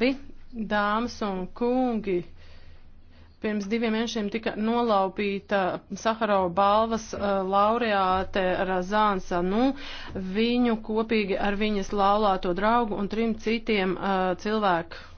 Labi, dāmas un kungi, pirms diviem mēnešiem tika nolaupīta Saharova balvas uh, laureāte Razānsa. Nu, viņu kopīgi ar viņas laulāto draugu un trim citiem uh, cilvēku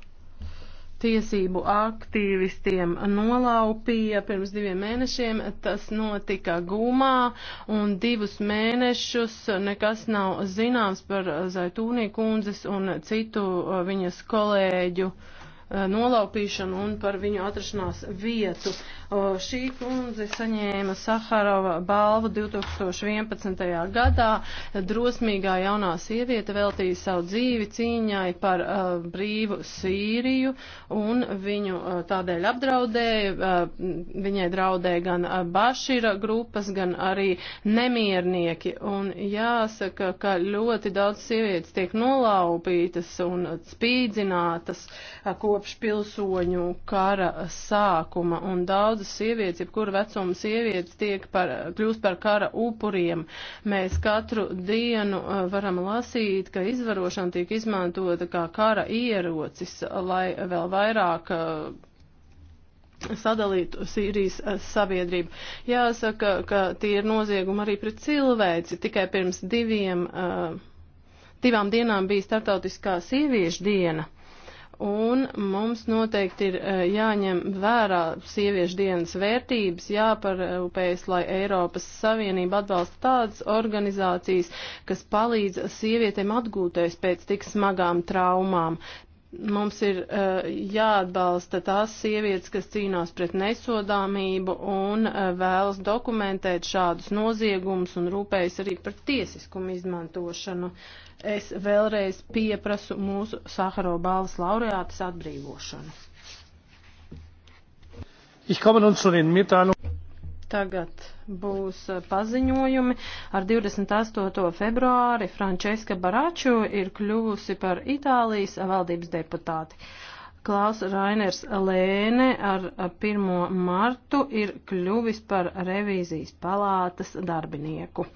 tiesību aktīvistiem nolaupīja pirms diviem mēnešiem. Tas notika gumā un divus mēnešus nekas nav zināms par Zaitūnī kundzes un citu uh, viņas kolēģu uh, nolaupīšanu un par viņu atrašanās vietu. Šī kundze saņēma Saharova balvu 2011. gadā. Drosmīgā jaunā sieviete veltīja savu dzīvi cīņai par uh, brīvu Sīriju un viņu uh, tādēļ apdraudēja. Uh, viņai draudēja gan uh, Bašira grupas, gan arī nemiernieki. Un jāsaka, ka ļoti daudz sievietes tiek nolaupītas un spīdzinātas uh, kopš pilsoņu kara sākuma. Un daudz daudzas sievietes, jebkura vecuma sievietes tiek par, kļūst par kara upuriem. Mēs katru dienu uh, varam lasīt, ka izvarošana tiek izmantota kā kara ierocis, lai vēl vairāk uh, sadalīt Sīrijas uh, sabiedrību. Jāsaka, ka tie ir noziegumi arī pret cilvēci. Tikai pirms diviem, divām dienām bija startautiskā sieviešu diena un mums noteikti ir eh, jāņem vērā sieviešu dienas vērtības, jāparūpējas, lai Eiropas Savienība atbalsta tādas organizācijas, kas palīdz sievietēm atgūties pēc tik smagām traumām. Mums ir uh, jāatbalsta tās sievietes, kas cīnās pret nesodāmību un uh, vēlas dokumentēt šādus noziegumus un rūpējas arī par tiesiskumu izmantošanu. Es vēlreiz pieprasu mūsu Saharo balvas laureātas atbrīvošanu. Ich komme nun zu den Mitteilungen. Tagad būs eh, paziņojumi. Ar 28. februāri Frančeska Baraču ir kļuvusi par Itālijas valdības deputāti. Klaus Rainers Lēne ar 1. Eh, martu ir kļuvis par revīzijas palātas darbinieku.